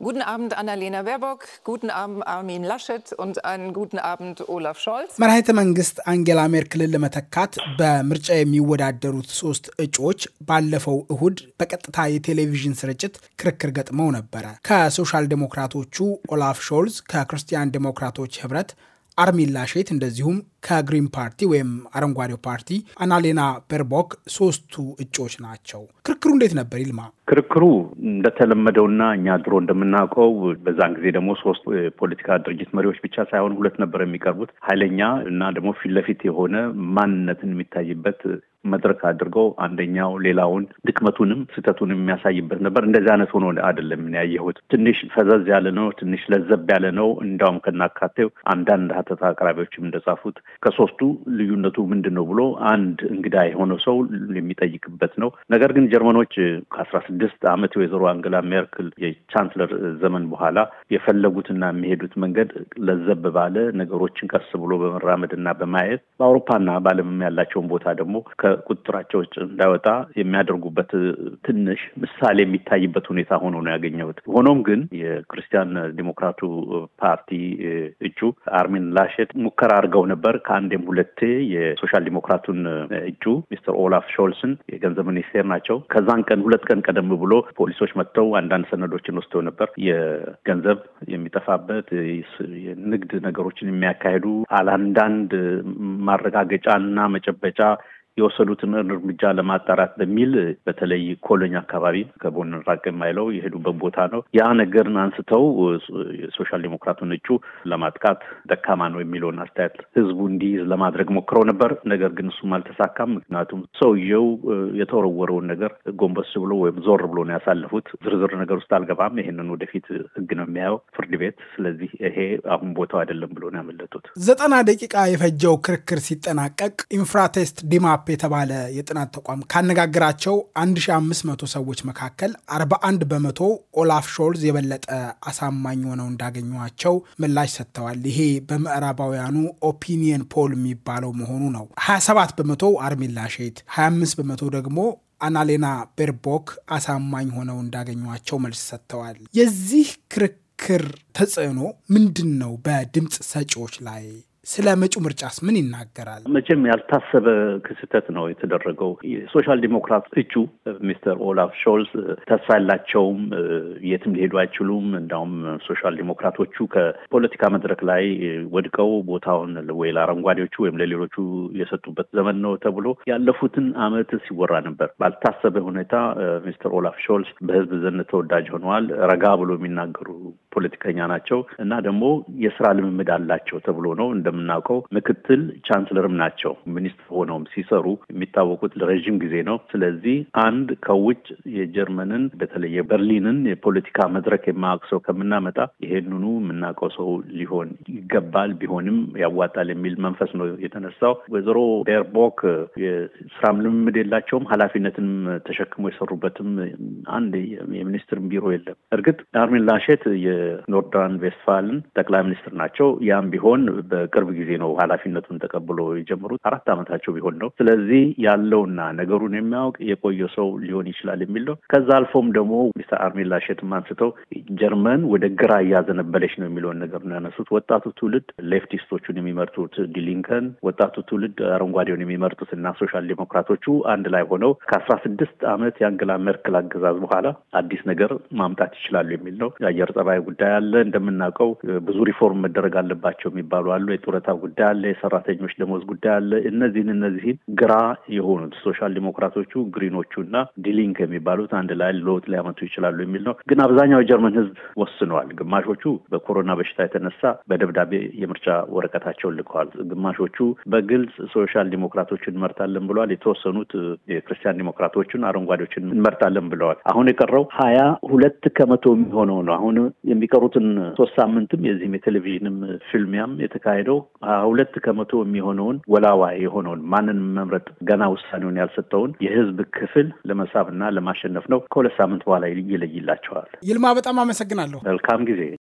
Guten Abend, Annalena Baerbock. Guten Abend, Armin Laschet. Und einen guten Abend, Olaf Scholz. መራሄተ መንግስት አንጌላ ሜርክልን ለመተካት በምርጫ የሚወዳደሩት ሶስት እጩዎች ባለፈው እሁድ በቀጥታ የቴሌቪዥን ስርጭት ክርክር ገጥመው ነበረ። ከሶሻል ዴሞክራቶቹ ኦላፍ ሾልዝ፣ ከክርስቲያን ዴሞክራቶች ህብረት አርሚን ላሼት እንደዚሁም ከግሪን ፓርቲ ወይም አረንጓዴው ፓርቲ አናሌና በርቦክ ሶስቱ እጩዎች ናቸው። ክርክሩ እንዴት ነበር ይልማ? ክርክሩ እንደተለመደውና እኛ ድሮ እንደምናውቀው በዛን ጊዜ ደግሞ ሶስት የፖለቲካ ድርጅት መሪዎች ብቻ ሳይሆን ሁለት ነበር የሚቀርቡት ኃይለኛ እና ደግሞ ፊት ለፊት የሆነ ማንነትን የሚታይበት መድረክ አድርገው አንደኛው ሌላውን ድክመቱንም ስህተቱን የሚያሳይበት ነበር። እንደዚህ አይነት ሆኖ አይደለም ያየሁት። ትንሽ ፈዘዝ ያለ ነው፣ ትንሽ ለዘብ ያለ ነው። እንዲያውም ከናካቴው አንዳንድ ሀተታ አቅራቢዎችም እንደጻፉት ከሶስቱ ልዩነቱ ምንድን ነው ብሎ አንድ እንግዳ የሆነ ሰው የሚጠይቅበት ነው። ነገር ግን ጀርመኖች ከአስራ ስድስት ዓመት የወይዘሮ አንገላ ሜርክል የቻንስለር ዘመን በኋላ የፈለጉትና የሚሄዱት መንገድ ለዘብ ባለ ነገሮችን ቀስ ብሎ በመራመድ በማየት በአውሮፓና በዓለምም ያላቸውን ቦታ ደግሞ ከቁጥጥራቸው ውጭ እንዳይወጣ የሚያደርጉበት ትንሽ ምሳሌ የሚታይበት ሁኔታ ሆኖ ነው ያገኘሁት። ሆኖም ግን የክርስቲያን ዲሞክራቱ ፓርቲ እጩ አርሚን ላሸት ሙከራ አድርገው ነበር። ከአንዴም ሁለቴ የሶሻል ዲሞክራቱን እጩ ሚስተር ኦላፍ ሾልስን የገንዘብ ሚኒስቴር ናቸው። ከዛን ቀን ሁለት ቀን ቀደም ብሎ ፖሊሶች መጥተው አንዳንድ ሰነዶችን ወስደው ነበር። የገንዘብ የሚጠፋበት የንግድ ነገሮችን የሚያካሂዱ አላንዳንድ ማረጋገጫ እና መጨበጫ የወሰዱትን እርምጃ ለማጣራት በሚል በተለይ ኮሎኝ አካባቢ ከቦን ራቅ የማይለው የሄዱበት ቦታ ነው። ያ ነገርን አንስተው የሶሻል ዴሞክራቱን እጩ ለማጥቃት ደካማ ነው የሚለውን አስተያየት ህዝቡ እንዲይዝ ለማድረግ ሞክረው ነበር። ነገር ግን እሱም አልተሳካም። ምክንያቱም ሰውየው የተወረወረውን ነገር ጎንበስ ብሎ ወይም ዞር ብሎ ነው ያሳለፉት። ዝርዝር ነገር ውስጥ አልገባም። ይህንን ወደፊት ህግ ነው የሚያየው ፍርድ ቤት። ስለዚህ ይሄ አሁን ቦታው አይደለም ብሎ ነው ያመለጡት። ዘጠና ደቂቃ የፈጀው ክርክር ሲጠናቀቅ ኢንፍራቴስት ዲማፕ የተባለ የጥናት ተቋም ካነጋግራቸው 1500 ሰዎች መካከል 41 በመቶ ኦላፍ ሾልዝ የበለጠ አሳማኝ ሆነው እንዳገኟቸው ምላሽ ሰጥተዋል። ይሄ በምዕራባውያኑ ኦፒኒየን ፖል የሚባለው መሆኑ ነው። 27 በመቶ አርሚላ ሼት፣ 25 በመቶ ደግሞ አናሌና ቤርቦክ አሳማኝ ሆነው እንዳገኟቸው መልስ ሰጥተዋል። የዚህ ክርክር ተጽዕኖ ምንድን ነው? በድምፅ ሰጪዎች ላይ ስለ መጪው ምርጫስ ምን ይናገራል? መቼም ያልታሰበ ክስተት ነው የተደረገው። የሶሻል ዲሞክራት እጩ ሚስተር ኦላፍ ሾልስ ተስፋ ያላቸውም፣ የትም ሊሄዱ አይችሉም። እንዳውም ሶሻል ዲሞክራቶቹ ከፖለቲካ መድረክ ላይ ወድቀው ቦታውን ወይ ለአረንጓዴዎቹ ወይም ለሌሎቹ የሰጡበት ዘመን ነው ተብሎ ያለፉትን አመት ሲወራ ነበር። ባልታሰበ ሁኔታ ሚስተር ኦላፍ ሾልስ በህዝብ ዘንድ ተወዳጅ ሆነዋል። ረጋ ብሎ የሚናገሩ ፖለቲከኛ ናቸው እና ደግሞ የስራ ልምምድ አላቸው ተብሎ ነው እንደምናውቀው። ምክትል ቻንስለርም ናቸው። ሚኒስትር ሆነውም ሲሰሩ የሚታወቁት ለረዥም ጊዜ ነው። ስለዚህ አንድ ከውጭ የጀርመንን በተለይ የበርሊንን የፖለቲካ መድረክ የማያውቅ ሰው ከምናመጣ ይሄንኑ የምናውቀው ሰው ሊሆን ይገባል፣ ቢሆንም ያዋጣል የሚል መንፈስ ነው የተነሳው። ወይዘሮ ቤርቦክ የስራም ልምምድ የላቸውም። ኃላፊነትንም ተሸክሞ የሰሩበትም አንድ የሚኒስትር ቢሮ የለም። እርግጥ አርሚን ላሸት ኖርዳን ቬስትፋልን ጠቅላይ ሚኒስትር ናቸው። ያም ቢሆን በቅርብ ጊዜ ነው ኃላፊነቱን ተቀብሎ የጀመሩት አራት ዓመታቸው ቢሆን ነው። ስለዚህ ያለውና ነገሩን የሚያውቅ የቆየ ሰው ሊሆን ይችላል የሚል ነው። ከዛ አልፎም ደግሞ ሚስተር አርሜላ ሼትም አንስተው ጀርመን ወደ ግራ እያዘነበለች ነው የሚለውን ነገር ነው ያነሱት። ወጣቱ ትውልድ ሌፍቲስቶቹን የሚመርጡት ዲሊንከን፣ ወጣቱ ትውልድ አረንጓዴውን የሚመርጡት እና ሶሻል ዴሞክራቶቹ አንድ ላይ ሆነው ከአስራ ስድስት ዓመት የአንገላ መርክል አገዛዝ በኋላ አዲስ ነገር ማምጣት ይችላሉ የሚል ነው። የአየር ጸባይ ጉዳይ አለ። እንደምናውቀው ብዙ ሪፎርም መደረግ አለባቸው የሚባሉ አሉ። የጡረታ ጉዳይ አለ። የሰራተኞች ደሞዝ ጉዳይ አለ። እነዚህን እነዚህን ግራ የሆኑት ሶሻል ዲሞክራቶቹ፣ ግሪኖቹ እና ዲሊንክ የሚባሉት አንድ ላይ ለውጥ ሊያመጡ ይችላሉ የሚል ነው። ግን አብዛኛው የጀርመን ህዝብ ወስነዋል። ግማሾቹ በኮሮና በሽታ የተነሳ በደብዳቤ የምርጫ ወረቀታቸውን ልከዋል። ግማሾቹ በግልጽ ሶሻል ዲሞክራቶችን እንመርታለን ብለዋል። የተወሰኑት የክርስቲያን ዲሞክራቶቹን አረንጓዴዎችን እንመርታለን ብለዋል። አሁን የቀረው ሀያ ሁለት ከመቶ የሚሆነው ነው። አሁን የሚቀሩትን ሶስት ሳምንትም የዚህም የቴሌቪዥንም ፊልሚያም የተካሄደው ሀያ ሁለት ከመቶ የሚሆነውን ወላዋ የሆነውን ማንን መምረጥ ገና ውሳኔውን ያልሰጠውን የህዝብ ክፍል ለመሳብና ለማሸነፍ ነው። ከሁለት ሳምንት በኋላ ይለይላቸዋል። ይልማ፣ በጣም አመሰግናለሁ። መልካም ጊዜ።